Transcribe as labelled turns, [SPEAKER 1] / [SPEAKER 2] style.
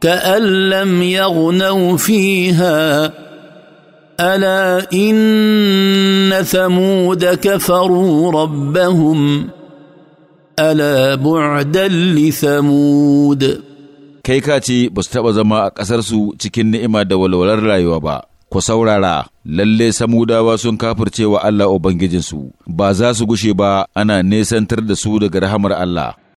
[SPEAKER 1] كأن لم يغنوا فيها ألا إن ثمود كفروا ربهم ألا بعدا لثمود kai ka
[SPEAKER 2] ce ba su taɓa zama a ƙasarsu cikin ni'ima da walwalar rayuwa ba, ku saurara, lalle samudawa sun kafirce wa Allah Ubangijinsu, ba za su gushe ba ana nesantar
[SPEAKER 3] da su daga rahamar Allah.